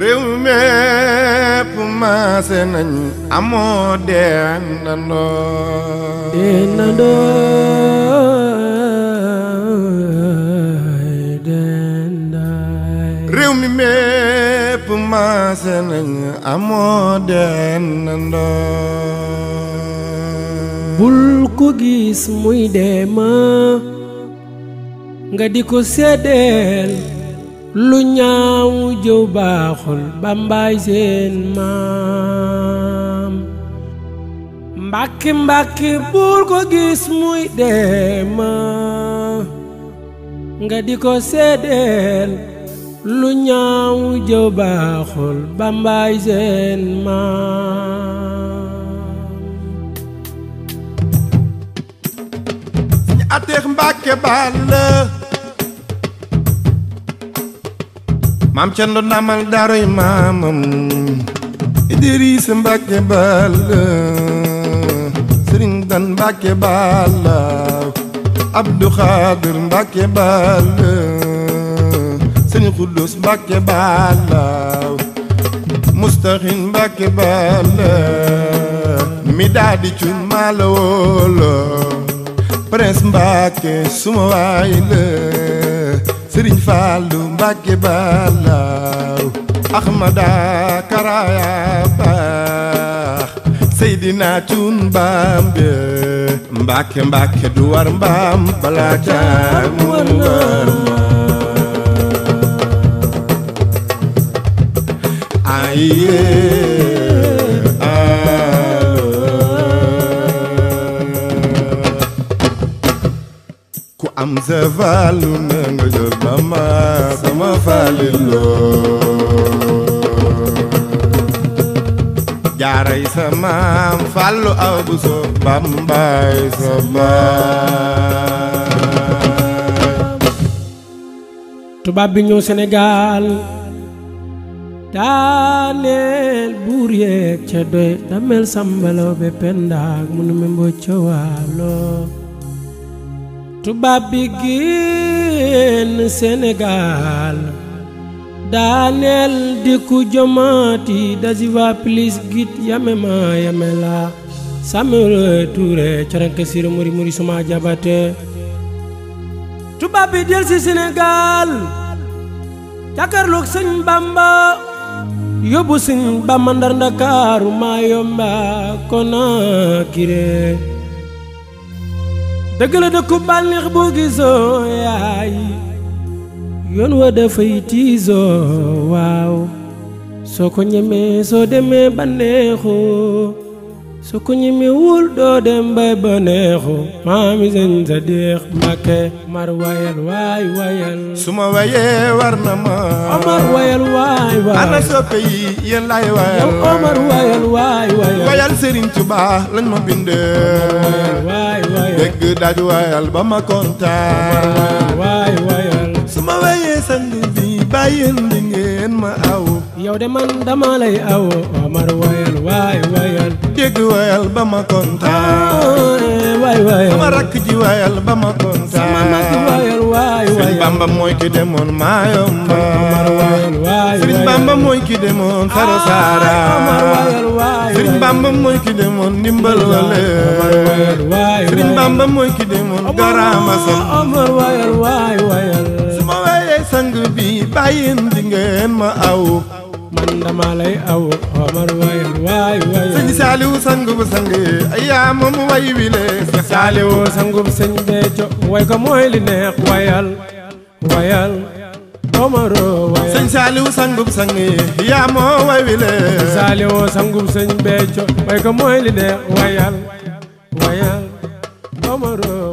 réew mépp maase nañu amoo dendandoo dendandoo dendaay bul ko gis muy dema nga di ko seddeel lu ñaaw jëw baaxul bambaay seen maam mbàkki mbàkki buur ko gis muy deema nga di ko seedeel lu ñaaw jëw baaxul bambaay seen maam ateex mbàkke baal la maam Cerno ndamal daaroy maamam Idrissa Mbàkke Balla Sëriñ Dan Mbàkke Balla Abdu Xaadir Mbàkke Balla Sëriñ Xuddus Mbàkke Balla Mustaxin Mbàkke Balla mi daa di cun maa la wóolo Prince suma waay la Sëriñ Fallu Mbàkke balaaw Ahmada Karaya baax Seydina Cuun Bambe Mbàkke Mbàkke du war mbaam balaa jaar mu war mbaam ayee am sa faalu na nga jël mama sama faaliloo jaaray sa maam faalu aw bu so bambaay sa baay tubaab bi ñëw Sénégal daaneel buur yeeg ca doy damel sambalaw be pendaak mu nu me waalo tubaab bi génn Sénégal daaneel dikku jomaati daziva plis git yamema yamela Samuel Touré corenke sire muri muri suma jabate tubaab bi del si Sénégal jàkkaarloog sëñ Bamba yóbbu sëñ Bamba ndar Ndakaaru maa yomba Konakire dëgg la dëkku bànneex boo gisoo yaay yoon wa dafay tiisoo waaw soo ko ñemee soo demee bànneexu soo ko ñemee wul doo dem bay bànneexu maami sëñ sa deex mar wayal wayal su ma wayee war na ma Omar wayal waay ana soppe yi yéen laay wayal Omar wayal wayal Sëriñ Tuubaa lañ ma bindee dégg daaj waayal ba ma kontaan waay su ma wayee sang bi ma aw yow de man dama lay aw Omar waayal waay dégg waayal ba ma kontaan waay waayal sama rakk ji waayal ba ma kontaan sama mag waayal waay waayal Bamba mooy ki demoon maayomba Bamba mooy ki demoon ah, Sara Sara Sëriñ Bamba mooy ki demoon ndimbal ma wayee sang bi Saaliwu sangub sang ayaa moom way wile Saaliwu sangub sëñ way ko mooy neex wayal wayal omaro waye sëñ saaliw sangub sang yi yaa moo way wile saaliw sangub sëñ becco way ko mooy li de wayal wayal omaro